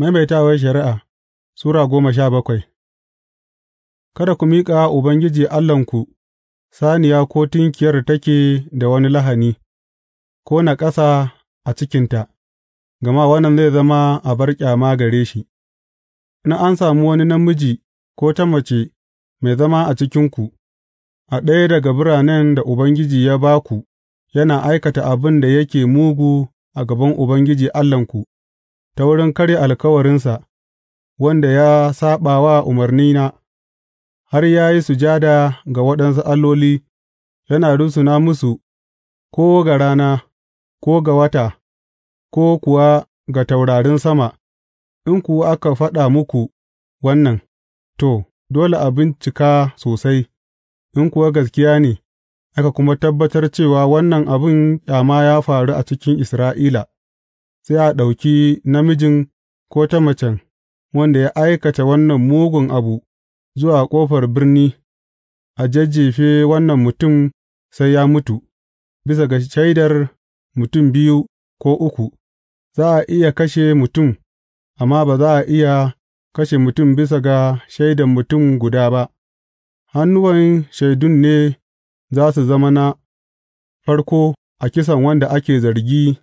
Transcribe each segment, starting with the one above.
Maimaitawar Shari'a Sura goma sha bakwai Kada ku miƙa Ubangiji Allahnku saniya ko tunkiyar take da wani lahani, ko na ƙasa a cikinta, gama wannan zai zama a bar ƙyama gare shi, na an sami wani namiji ko ta mace mai zama a cikinku, a ɗaya daga biranen da Ubangiji ya ba ku yana aikata abin da yake mugu a gaban Ubangiji Allahnku. ta wurin karya alkawarinsa, wanda ya saɓa wa umarnina, har ya yi sujada ga waɗansu alloli, yana rusuna musu ko ga rana, ko ga wata, ko kuwa ga taurarin sama, in kuwa aka faɗa muku wannan, to, dole a bincika sosai, in kuwa gaskiya ne, aka kuma tabbatar cewa wannan abin ƙyama ya faru a cikin Isra'ila. sai a ɗauki namijin ko ta macen wanda ya aikata wannan mugun abu zuwa ƙofar birni, a jajjefe wannan mutum sai ya mutu, bisa ga shaidar mutum biyu ko uku, za a iya kashe mutum, amma ba za a iya kashe mutum bisa ga shaidan mutum guda ba, hannuwan shaidun ne za su zama na farko a kisan wanda ake zargi.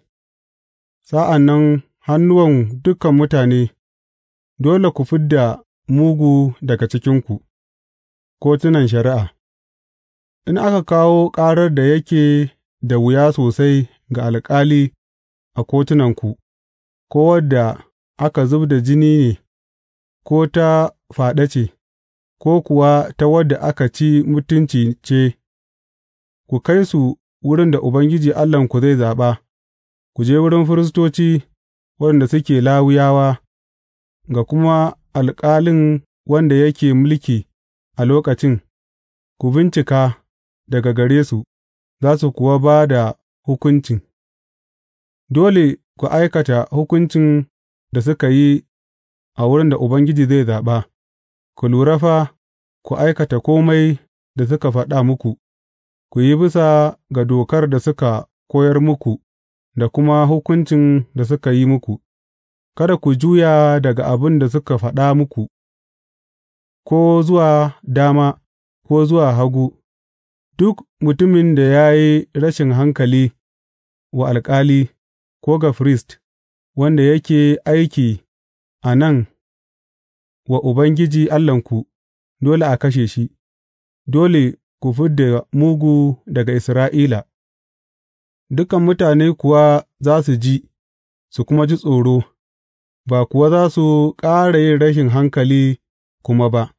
sa'an nan hannuwan dukan mutane, dole ku fid da mugu daga cikinku kotunan shari'a, in aka kawo ƙarar da yake da wuya sosai ga alƙali a kotunanku, ko wadda aka zub da jini ne, ko ta faɗa ce, ko kuwa ta wadda aka ci mutunci ce, ku kai su wurin da Ubangiji Allahnku zai zaɓa. Ku je wurin firistoci waɗanda suke Lawiyawa, ga kuma alƙalin wanda yake mulki a lokacin, ku bincika daga gare su, za su kuwa ba da hukuncin, dole ku aikata hukuncin da suka yi a wurin da Ubangiji zai zaɓa, ku lura fa, ku aikata komai da suka faɗa muku, ku yi bisa ga dokar da suka koyar muku. da kuma hukuncin da suka yi muku, kada ku juya daga abin da suka faɗa muku, ko zuwa dama, ko zuwa hagu, duk mutumin da ya yi rashin hankali wa alƙali ko ga firist, wanda yake aiki a nan wa Ubangiji Allahnku, dole a kashe shi, dole ku fid da mugu daga Isra'ila. dukan mutane kuwa za su ji, su kuma ji tsoro, ba kuwa za su ƙara yin rashin hankali kuma ba.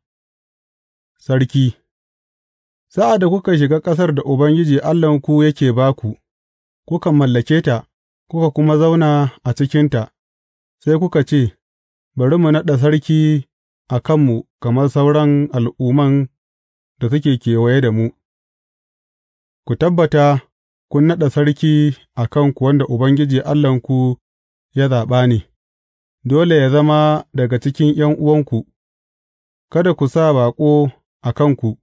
Sarki Sa'ad da kuka shiga ƙasar da Ubangiji Allahnku yake ba ku, kuka mallake ta, kuka kuma zauna a cikinta, sai kuka ce, Bari mu naɗa sarki a kanmu kamar sauran al'umman da suke kewaye da mu, ku tabbata kun naɗa sarki a kanku wanda Ubangiji Allahnku ya zaɓa ne, dole ya zama daga cikin uwanku. kada ku sa baƙo a kanku,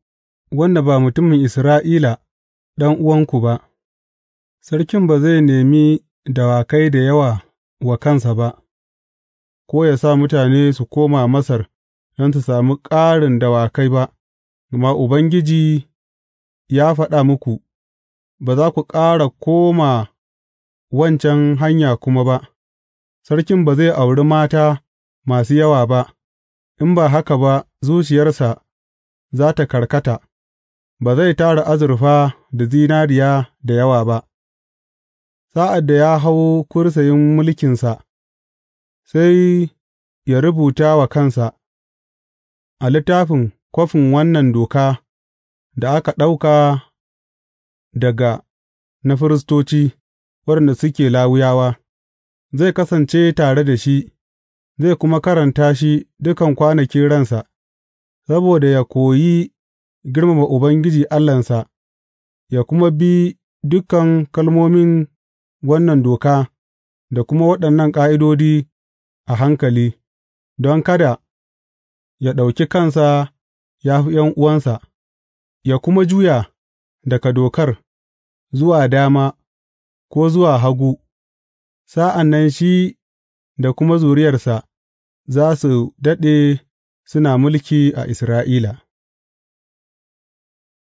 wanda ba mutumin Isra'ila uwanku ba, sarkin ba zai nemi dawakai da yawa wa kansa ba, ko ya sa mutane su koma Masar don su sami ƙarin dawakai ba, gama Ubangiji ya faɗa muku. ba za ku ƙara koma wancan hanya kuma ba, sarkin ba zai auri mata masu yawa ba, in ba haka ba zuciyarsa za ta karkata, ba zai tara azurfa da zinariya da yawa ba. Sa'ad da ya hau kursayin mulkinsa, sai ya rubuta wa kansa a littafin kwafin wannan doka da aka ɗauka daga na firistoci, waɗanda suke Lawiyawa, zai kasance tare da shi, zai kuma karanta shi dukan kwanakin ransa, saboda ya koyi girmama Ubangiji Allahnsa, ya kuma bi dukan kalmomin wannan doka da kuma waɗannan ƙa'idodi a hankali, don kada ya ɗauki kansa ya fi ’yan'uwansa, ya kuma juya daga dokar. zuwa dama ko zuwa hagu, sa'an nan shi da kuma zuriyarsa za su daɗe suna mulki a Isra'ila.